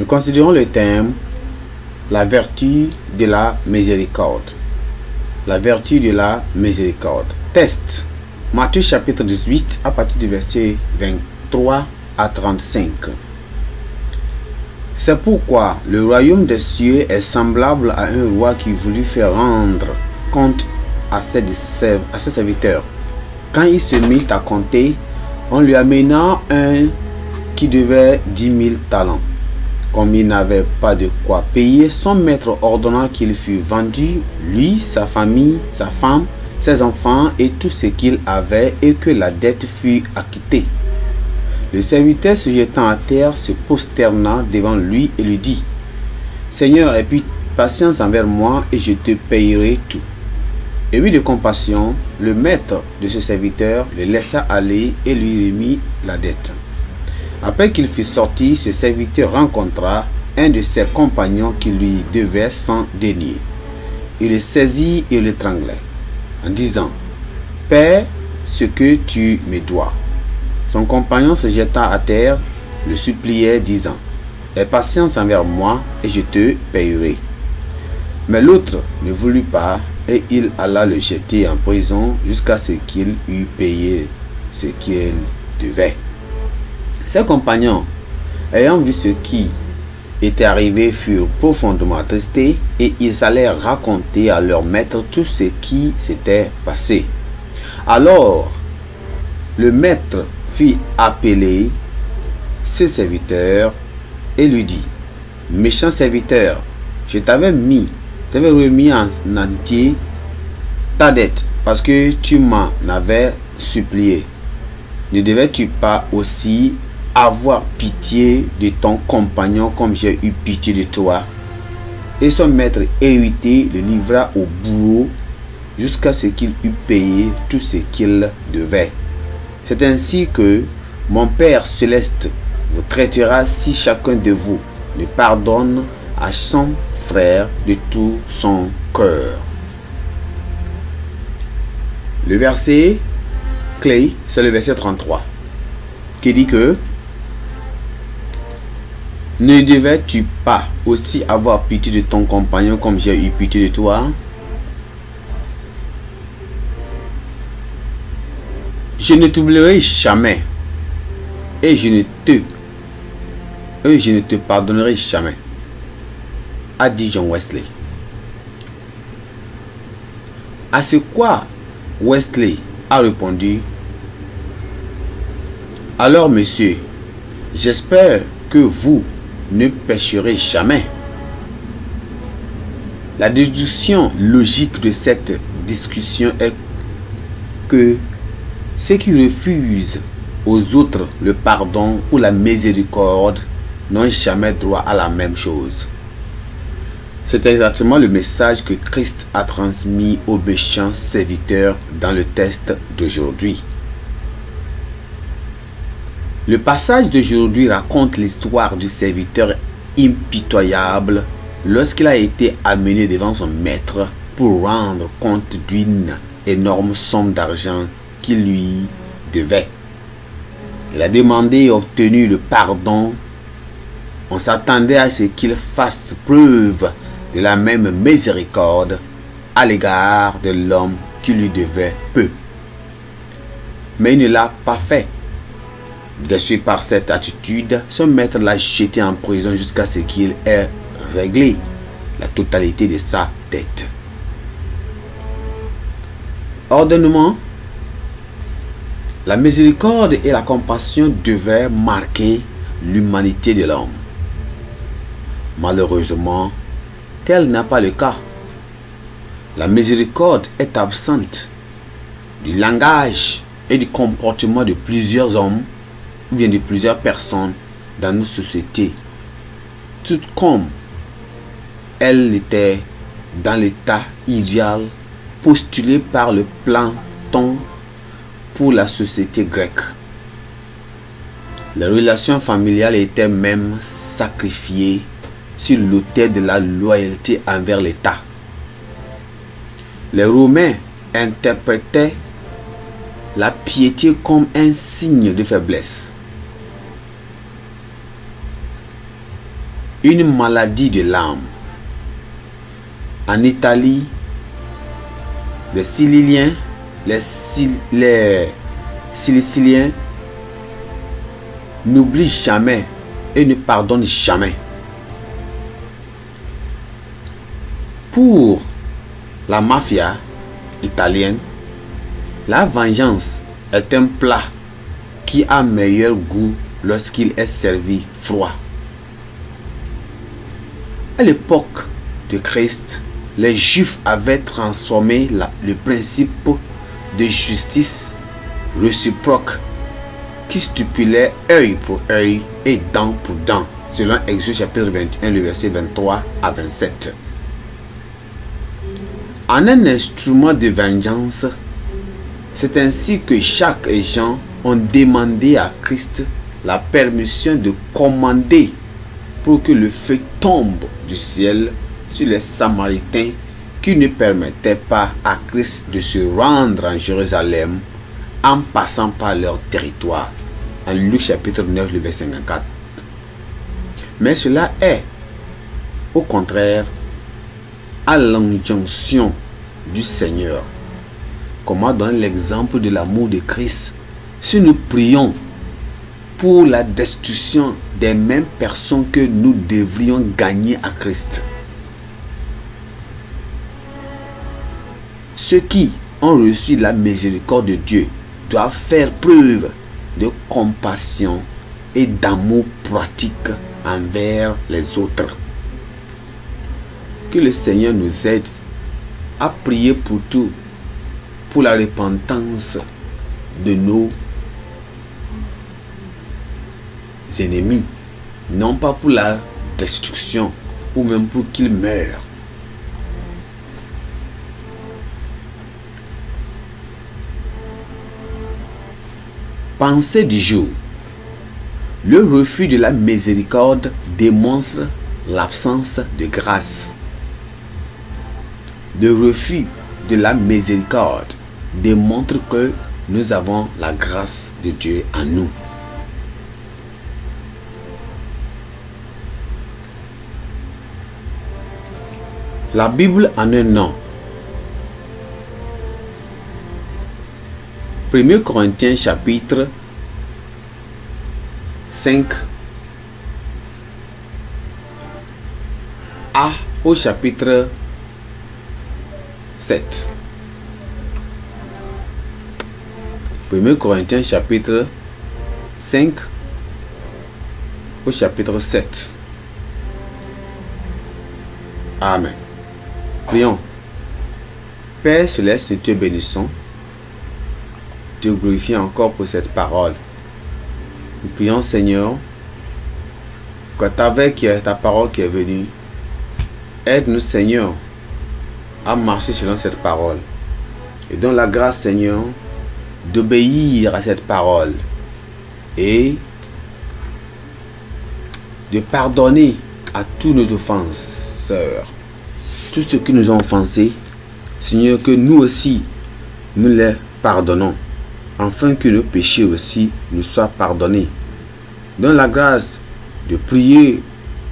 Nous considérons le thème la vertu de la miséricorde. La vertu de la miséricorde. Test. Matthieu chapitre 18 à partir du verset 23 à 35. C'est pourquoi le royaume des cieux est semblable à un roi qui voulut faire rendre compte à ses, à ses serviteurs. Quand il se mit à compter, on lui amena un qui devait dix mille talents. Comme il n'avait pas de quoi payer, son maître ordonna qu'il fût vendu, lui, sa famille, sa femme, ses enfants et tout ce qu'il avait, et que la dette fût acquittée. Le serviteur se jetant à terre se prosterna devant lui et lui dit, Seigneur, aie patience envers moi et je te payerai tout. Et de compassion, le maître de ce serviteur le laissa aller et lui remit la dette. Après qu'il fut sorti, ce serviteur rencontra un de ses compagnons qui lui devait sans deniers. Il le saisit et l'étranglait en disant Paix ce que tu me dois. Son compagnon se jeta à terre, le suppliait, disant Aie patience envers moi et je te payerai. Mais l'autre ne voulut pas et il alla le jeter en prison jusqu'à ce qu'il eût payé ce qu'il devait. Ses compagnons, ayant vu ce qui était arrivé, furent profondément attristés et ils allèrent raconter à leur maître tout ce qui s'était passé. Alors, le maître fit appeler ses serviteurs et lui dit, Méchant serviteur, je t'avais mis, t'avais remis en entier ta dette parce que tu m'en avais supplié. Ne devais-tu pas aussi avoir pitié de ton compagnon comme j'ai eu pitié de toi. Et son maître hérité le livra au bourreau jusqu'à ce qu'il eût payé tout ce qu'il devait. C'est ainsi que mon Père céleste vous traitera si chacun de vous le pardonne à son frère de tout son cœur. Le verset clé, c'est le verset 33, qui dit que ne devais-tu pas aussi avoir pitié de ton compagnon comme j'ai eu pitié de toi Je ne t'oublierai jamais et je ne te et je ne te pardonnerai jamais a dit John Wesley. À ce quoi Wesley a répondu Alors monsieur, j'espère que vous ne pécherez jamais. La déduction logique de cette discussion est que ceux qui refusent aux autres le pardon ou la miséricorde n'ont jamais droit à la même chose. C'est exactement le message que Christ a transmis aux méchants serviteurs dans le test d'aujourd'hui. Le passage d'aujourd'hui raconte l'histoire du serviteur impitoyable lorsqu'il a été amené devant son maître pour rendre compte d'une énorme somme d'argent qu'il lui devait. Il a demandé et obtenu le pardon. On s'attendait à ce qu'il fasse preuve de la même miséricorde à l'égard de l'homme qui lui devait peu. Mais il ne l'a pas fait. Déçu par cette attitude, son maître l'a jeté en prison jusqu'à ce qu'il ait réglé la totalité de sa tête. Ordonnement La miséricorde et la compassion devaient marquer l'humanité de l'homme. Malheureusement, tel n'est pas le cas. La miséricorde est absente du langage et du comportement de plusieurs hommes ou bien de plusieurs personnes dans nos sociétés, tout comme elles était dans l'état idéal postulé par le planton pour la société grecque. Les relations familiales étaient même sacrifiées sur l'autel de la loyauté envers l'État. Les Romains interprétaient la piété comme un signe de faiblesse. une maladie de l'âme. En Italie, les Siciliens, les, n'oublient jamais et ne pardonnent jamais. Pour la mafia italienne, la vengeance est un plat qui a meilleur goût lorsqu'il est servi froid l'époque de Christ, les Juifs avaient transformé le principe de justice réciproque qui stipulait œil pour œil et dent pour dent, selon Exode chapitre 21, le verset 23 à 27. En un instrument de vengeance, c'est ainsi que chaque et Jean ont demandé à Christ la permission de commander pour que le feu tombe du ciel sur les Samaritains qui ne permettaient pas à Christ de se rendre en Jérusalem en passant par leur territoire. En Luc chapitre 9, le verset 54. Mais cela est, au contraire, à l'injonction du Seigneur. Comment donner l'exemple de l'amour de Christ Si nous prions pour la destruction des mêmes personnes que nous devrions gagner à Christ. Ceux qui ont reçu la miséricorde de Dieu doivent faire preuve de compassion et d'amour pratique envers les autres. Que le Seigneur nous aide à prier pour tout, pour la repentance de nos ennemis, non pas pour la destruction ou même pour qu'ils meurent. Pensée du jour. Le refus de la miséricorde démontre l'absence de grâce. Le refus de la miséricorde démontre que nous avons la grâce de Dieu en nous. La Bible en un an. 1 Corinthiens chapitre 5 à au chapitre 7. 1 Corinthiens chapitre 5 au chapitre 7. Amen. Prions. Père céleste, nous te bénissons. Te glorifions encore pour cette parole. Nous prions, Seigneur, quand ta qui ta parole qui est venue, aide-nous, Seigneur, à marcher selon cette parole. Et donne la grâce, Seigneur, d'obéir à cette parole et de pardonner à tous nos offenses, tout ce qui nous ont offensés, Seigneur, que nous aussi, nous les pardonnons, afin que nos péchés aussi nous soient pardonnés. Donne la grâce de prier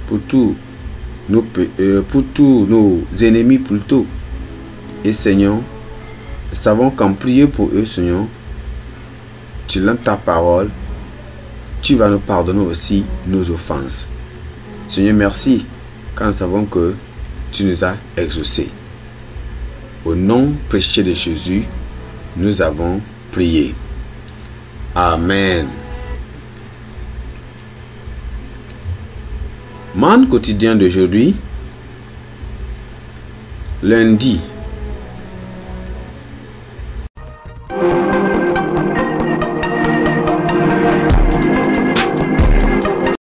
pour tous nos, euh, pour tous ennemis plutôt. Et Seigneur, savons qu'en prier pour eux, Seigneur, tu l'aimes ta parole, tu vas nous pardonner aussi nos offenses. Seigneur, merci quand nous savons que tu nous as exaucés. Au nom prêché de Jésus, nous avons prié. Amen. Man quotidien d'aujourd'hui, lundi